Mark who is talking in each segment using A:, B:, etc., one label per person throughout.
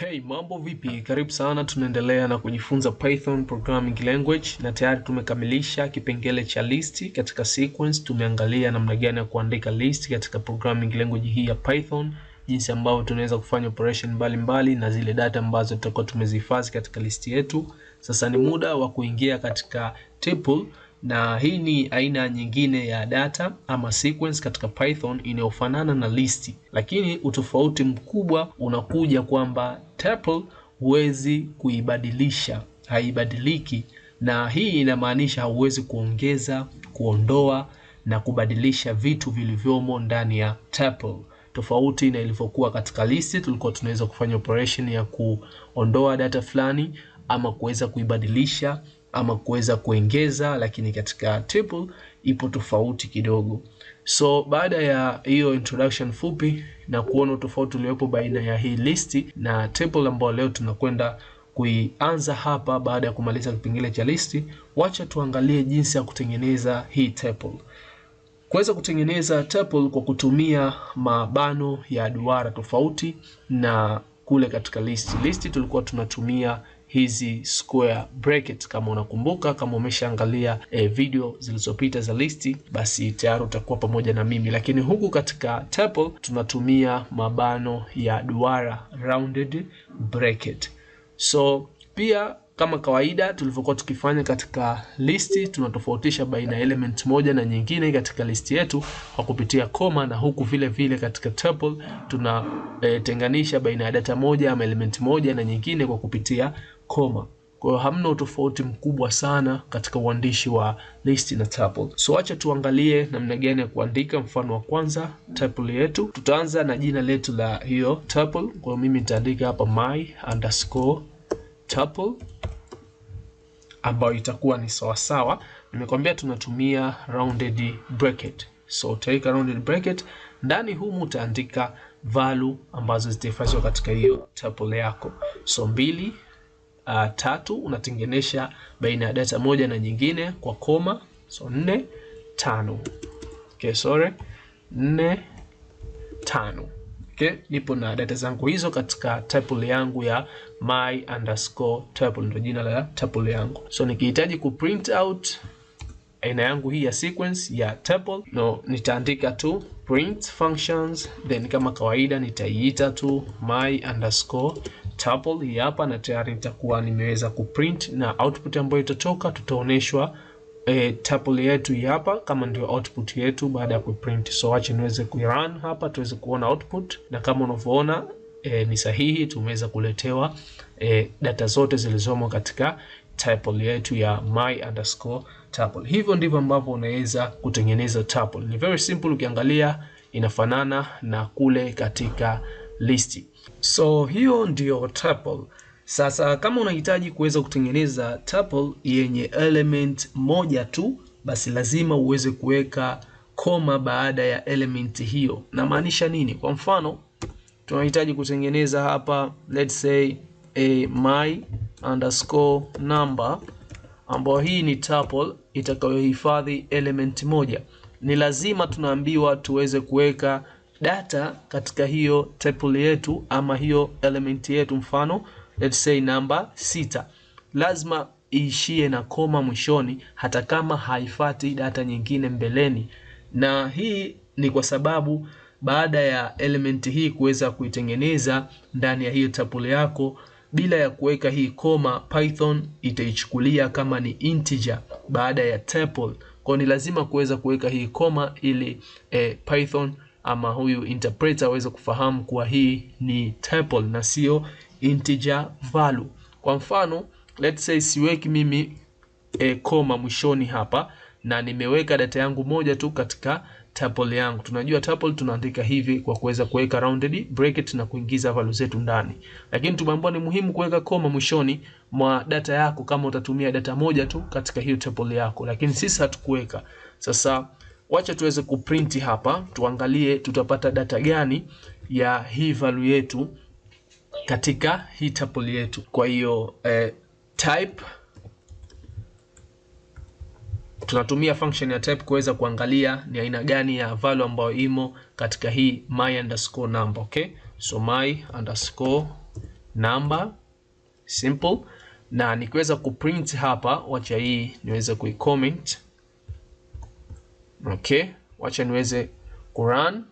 A: Hey, mambo vipi? Karibu sana, tunaendelea na kujifunza Python programming language, na tayari tumekamilisha kipengele cha listi katika sequence. Tumeangalia namna gani ya kuandika list katika programming language hii ya Python, jinsi ambavyo tunaweza kufanya operation mbalimbali mbali, na zile data ambazo tutakuwa tumezihifadhi katika listi yetu. Sasa ni muda wa kuingia katika tuple na hii ni aina nyingine ya data ama sequence katika Python inayofanana na listi, lakini utofauti mkubwa unakuja kwamba tuple huwezi kuibadilisha, haibadiliki, na hii inamaanisha hauwezi kuongeza, kuondoa na kubadilisha vitu vilivyomo ndani ya tuple tofauti na ilivyokuwa katika listi, tulikuwa tunaweza kufanya operation ya kuondoa data fulani ama kuweza kuibadilisha ama kuweza kuongeza, lakini katika triple ipo tofauti kidogo. So baada ya hiyo introduction fupi na kuona tofauti uliopo baina ya hii listi na triple ambayo leo tunakwenda kuianza hapa, baada ya kumaliza kipengele cha listi, wacha tuangalie jinsi ya kutengeneza hii tuple. Kuweza kutengeneza tuple kwa kutumia mabano ya duara tofauti na kule katika list. List tulikuwa tunatumia hizi square bracket. Kama unakumbuka, kama umeshaangalia e, video zilizopita za listi, basi tayari utakuwa pamoja na mimi, lakini huku katika tuple tunatumia mabano ya duara rounded bracket. So pia kama kawaida tulivyokuwa tukifanya katika listi, tunatofautisha baina ya element moja na nyingine katika listi yetu kwa kupitia koma, na huku vile vile katika tuple tunatenganisha eh, e, baina ya data moja ama element moja na nyingine kwa kupitia koma. Kwa hiyo hamna utofauti mkubwa sana katika uandishi wa list na tuple. So acha tuangalie namna gani ya kuandika. Mfano wa kwanza tuple yetu, tutaanza na jina letu la hiyo tuple. Kwa hiyo mimi nitaandika hapa my underscore tuple ambayo itakuwa ni sawasawa. Nimekwambia tunatumia rounded bracket, so utaweka rounded bracket ndani humu, utaandika value ambazo zitahifadhiwa katika hiyo tuple yako, so mbili uh, tatu unatengenesha baina ya data moja na nyingine kwa koma, so nne tano. Okay, sorry, nne tano. Okay, nipo na data zangu hizo katika tuple yangu ya my underscore tuple, ndio jina la tuple yangu. So nikihitaji ku print out aina yangu hii ya sequence ya tuple, no, nitaandika tu print functions, then kama kawaida nitaiita tu my underscore tuple hii hapa, na tayari nitakuwa nimeweza kuprint na output ambayo itatoka, tutaoneshwa e, eh, tuple yetu hii hapa kama ndio output yetu baada ya kuprint. So acha niweze kuirun hapa tuweze kuona output, na kama unavyoona e, ni sahihi, tumeweza kuletewa e, data zote zilizomo katika tuple yetu ya my underscore tuple. Hivyo ndivyo ambavyo unaweza kutengeneza tuple. Ni very simple, ukiangalia inafanana na kule katika listi. So hiyo ndiyo tuple. Sasa kama unahitaji kuweza kutengeneza tuple yenye element moja tu, basi lazima uweze kuweka koma baada ya element hiyo. Namaanisha nini? Kwa mfano tunahitaji kutengeneza hapa let's say a my underscore number ambayo hii ni tuple itakayohifadhi element moja. Ni lazima tunaambiwa tuweze kuweka data katika hiyo tuple yetu ama hiyo element yetu, mfano let's say namba sita, lazima iishie na koma mwishoni, hata kama haifati data nyingine mbeleni. Na hii ni kwa sababu baada ya element hii kuweza kuitengeneza ndani ya hiyo tuple yako bila ya kuweka hii koma, Python itaichukulia kama ni integer baada ya tuple. Kwa ni lazima kuweza kuweka hii koma ili eh, Python ama huyu interpreter aweze kufahamu kuwa hii ni tuple na sio integer value. Kwa mfano, let's say siweki mimi e, koma mwishoni hapa na nimeweka data yangu moja tu katika tuple yangu. Tunajua tuple tunaandika hivi kwa kuweza kuweka rounded bracket na kuingiza value zetu ndani, lakini tumeambiwa ni muhimu kuweka koma mwishoni mwa data yako kama utatumia data moja tu katika hiyo tuple yako, lakini sisi hatukuweka. Sasa Wacha tuweze kuprinti hapa, tuangalie tutapata data gani ya hii value yetu katika hii tuple yetu. Kwa hiyo eh, type tunatumia function ya type kuweza kuangalia ni aina gani ya value ambayo imo katika hii my underscore number. Okay, so my underscore number simple, na nikiweza kuprint hapa, wacha hii niweze kuicomment Okay, wacha niweze kurun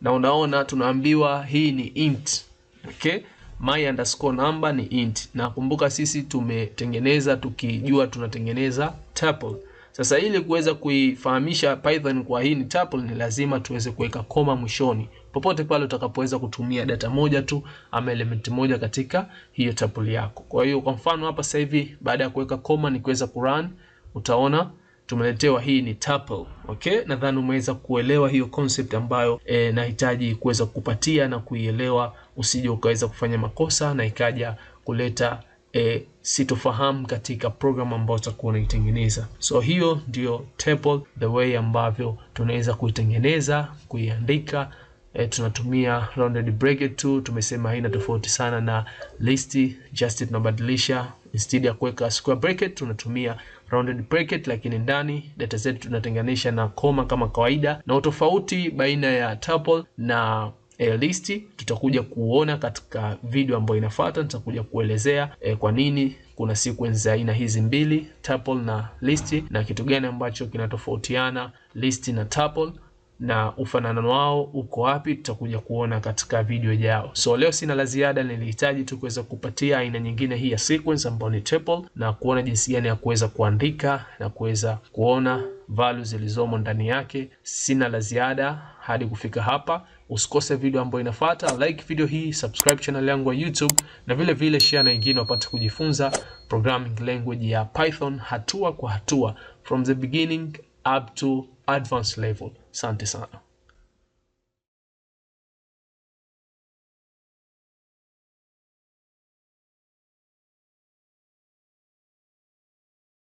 A: na unaona tunaambiwa hii ni int. Okay, my underscore number ni int, na kumbuka sisi tumetengeneza tukijua tunatengeneza tuple. Sasa ili kuweza kuifahamisha Python kwa hii ni tuple, ni lazima tuweze kuweka koma mwishoni popote pale utakapoweza kutumia data moja tu ama elementi moja katika hiyo tuple yako. Kwa hiyo kwa mfano hapa sasa hivi baada ya kuweka koma nikiweza kurun utaona tumeletewa hii ni tuple. Okay, nadhani umeweza kuelewa hiyo concept ambayo e, nahitaji kuweza kupatia na kuielewa, usije ukaweza kufanya makosa na ikaja kuleta e, sitofahamu katika program ambayo utakuwa unaitengeneza. So hiyo ndio tuple, the way ambavyo tunaweza kuitengeneza kuiandika. E, tunatumia rounded bracket tu, tumesema haina tofauti sana na list, just tunabadilisha instead ya kuweka square bracket tunatumia rounded bracket, lakini ndani data zetu tunatenganisha na koma kama kawaida, na utofauti baina ya tuple na E, eh, listi tutakuja kuona katika video ambayo inafuata. Nitakuja kuelezea e, kwa nini kuna sequence za aina hizi mbili tuple na listi na kitu gani ambacho kinatofautiana listi na tuple na ufanano wao uko wapi, tutakuja kuona katika video jao. So leo sina la ziada, nilihitaji tu kuweza kupatia aina nyingine hii ya sequence ambayo ni tuple, na kuona jinsi gani ya kuweza kuandika na kuweza kuona values zilizomo ndani yake. Sina la ziada hadi kufika hapa. Usikose video ambayo inafuata, like video hii, subscribe channel yangu ya YouTube na vile vile share na wengine wapate kujifunza programming language ya Python hatua kwa hatua from the beginning up to advanced level. Asante sana.